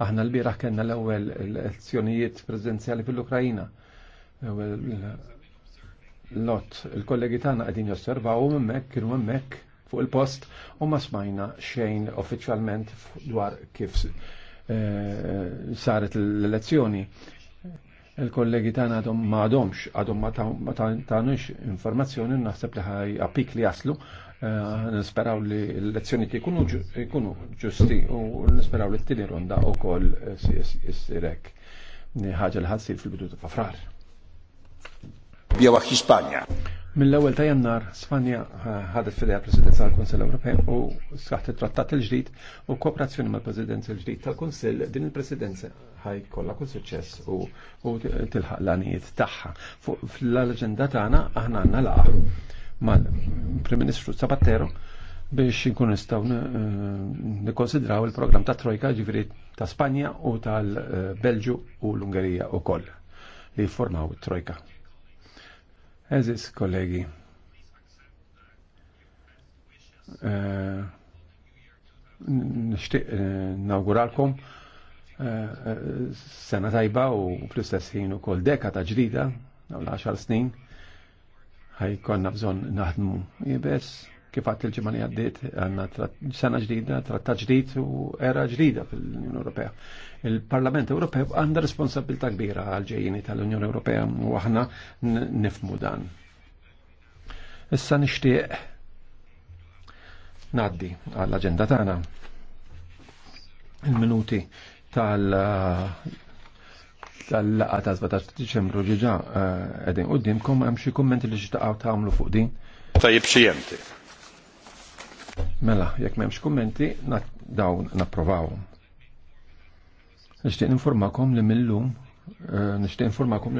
Aħna l-biraħ kena l-ewel elezzjonijiet prezidenziali fil-Ukrajina. Lot, il-kollegi tagħna qegħdin josservaw hemmhekk kienu hemmhekk fuq il-post u ma smajna xejn uffiċjalment dwar kif eh, saret l-elezzjoni il-kollegi tagħna għadhom ma għadhomx, għadhom ma tagħnux informazzjoni naħseb li ħaj apik li jaslu, eh, nisperaw li l-lezzjoni jkunu ġusti u nisperaw li t tini ronda wkoll issirek ħaġa li ħassir fil-bidu ta' frar. Bjewa Hispania. Mill-ewwel ta' jannar Spanja ħadet fidejha Presidenza tal-Kunsell Ewropew u saħt it-trattat il-ġdid u kooperazzjoni mal-Presidenza l-ġdid tal-Kunsill din il-Presidenza ħaj kollha kull suċċess u tilħaq l-għanijiet tagħha. Fl-aġenda tagħna aħna għandna laqgħa mal-Prim Ministru Zapatero biex nkun nistgħu e, nikkonsidraw il-programm ta' Trojka ġifieri ta' Spanja u tal e, belġju u l-Ungerija wkoll li jiffurmaw it-Trojka. Eżis, kollegi. Eh, nishtiq eh, nawguralkom eh, sena tajba u fl-istess ħin kol deka ta' ġdida, għal 10 snin, konna bżon naħdmu jibes Kif għat il-ġimani għaddit, għanna sena ġdida, tratta ġdid u era ġdida fil-Unjoni Ewropea. Il-Parlament Ewropew għanda responsabilta kbira għal-ġejjini tal-Unjoni Ewropea u aħna nifmu dan. Issa nixtieq naddi għall-aġenda tagħna il-minuti tal- tal-laqa ta' 17 Diċembru ġiġa qegħdin eh, d hemm xi kummenti li ta' tagħmlu fuq din. Tajjeb xi Mela, jekk memx kummenti, dawn naprovaw. Nishtiq informakom li millum, eh, nishtiq informakom li